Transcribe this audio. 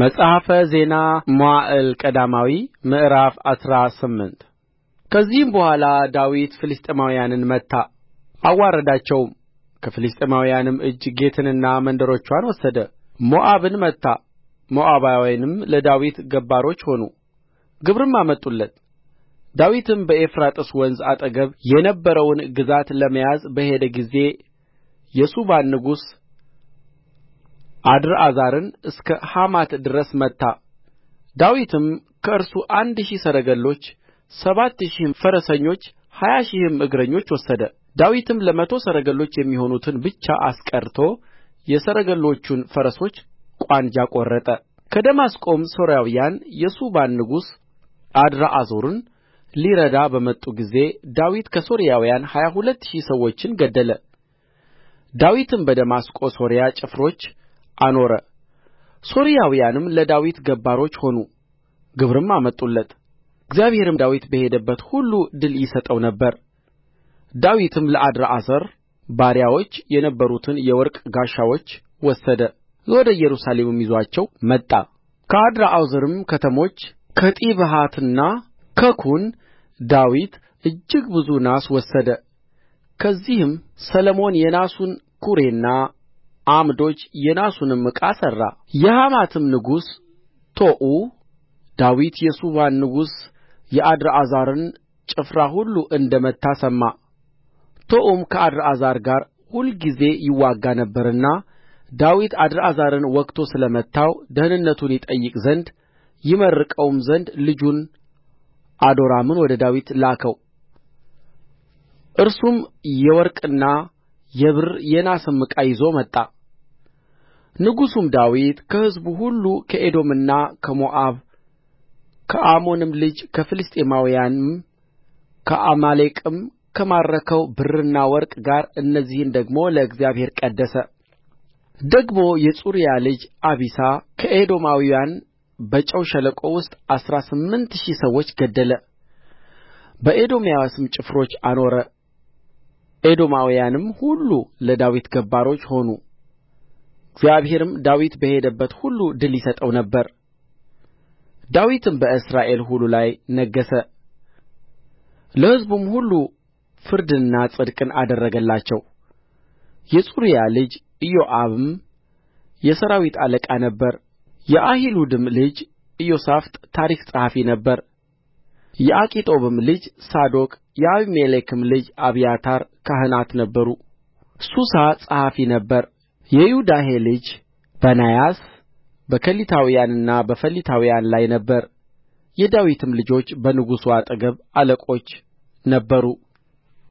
መጽሐፈ ዜና መዋዕል ቀዳማዊ ምዕራፍ አስራ ስምንት ከዚህም በኋላ ዳዊት ፍልስጥኤማውያንን መታ አዋረዳቸውም ከፍልስጥኤማውያንም እጅ ጌትንና መንደሮቿን ወሰደ ሞዓብን መታ ሞዓባውያንም ለዳዊት ገባሮች ሆኑ ግብርም አመጡለት ዳዊትም በኤፍራጥስ ወንዝ አጠገብ የነበረውን ግዛት ለመያዝ በሄደ ጊዜ የሱባን ንጉሥ አድርአዛርን እስከ ሐማት ድረስ መታ ዳዊትም ከእርሱ አንድ ሺህ ሰረገሎች ሰባት ሺህም ፈረሰኞች ሀያ ሺህም እግረኞች ወሰደ ዳዊትም ለመቶ ሰረገሎች የሚሆኑትን ብቻ አስቀርቶ የሰረገሎቹን ፈረሶች ቋንጃ ቈረጠ ከደማስቆም ሶርያውያን የሱባን ንጉሥ አድርአዛርን ሊረዳ በመጡ ጊዜ ዳዊት ከሶርያውያን ሀያ ሁለት ሺህ ሰዎችን ገደለ ዳዊትም በደማስቆ ሶርያ ጭፍሮች አኖረ ሶርያውያንም ለዳዊት ገባሮች ሆኑ ግብርም አመጡለት እግዚአብሔርም ዳዊት በሄደበት ሁሉ ድል ይሰጠው ነበር ዳዊትም ለአድርአዛር ባሪያዎች የነበሩትን የወርቅ ጋሻዎች ወሰደ ወደ ኢየሩሳሌምም ይዞአቸው መጣ ከአድርአዛርም ከተሞች ከጢብሐትና ከኩን ዳዊት እጅግ ብዙ ናስ ወሰደ ከዚህም ሰሎሞን የናሱን ኵሬና ዓምዶች የናሱንም ዕቃ ሠራ የሐማትም ንጉሥ ቶዑ ዳዊት የሱባን ንጉሥ የአድርአዛርን ጭፍራ ሁሉ እንደ መታ ሰማ ቶዑም ከአድርአዛር ጋር ሁልጊዜ ይዋጋ ነበርና ዳዊት አድርአዛርን ወግቶ ስለ መታው ደኅንነቱን ይጠይቅ ዘንድ ይመርቀውም ዘንድ ልጁን አዶራምን ወደ ዳዊት ላከው። እርሱም የወርቅና የብር የናስም ዕቃ ይዞ መጣ። ንጉሡም ዳዊት ከሕዝቡ ሁሉ ከኤዶምና ከሞዓብ ከአሞንም ልጅ ከፍልስጥኤማውያንም ከአማሌቅም ከማረከው ብርና ወርቅ ጋር እነዚህን ደግሞ ለእግዚአብሔር ቀደሰ ደግሞ የጽሩያ ልጅ አቢሳ ከኤዶማውያን በጨው ሸለቆ ውስጥ አሥራ ስምንት ሺህ ሰዎች ገደለ በኤዶምያስም ጭፍሮች አኖረ ኤዶማውያንም ሁሉ ለዳዊት ገባሮች ሆኑ እግዚአብሔርም ዳዊት በሄደበት ሁሉ ድል ይሰጠው ነበር ዳዊትም በእስራኤል ሁሉ ላይ ነገሠ ለሕዝቡም ሁሉ ፍርድንና ጽድቅን አደረገላቸው የጽሩያ ልጅ ኢዮአብም የሠራዊት አለቃ ነበረ የአሒሉድም ልጅ ኢዮሳፍጥ ታሪክ ጸሐፊ ነበረ የአኪጦብም ልጅ ሳዶቅ የአቢሜሌክም ልጅ አብያታር ካህናት ነበሩ ሱሳ ጸሐፊ ነበረ የዮዳሄ ልጅ በናያስ በከሊታውያንና በፈሊታውያን ላይ ነበረ የዳዊትም ልጆች በንጉሡ አጠገብ አለቆች ነበሩ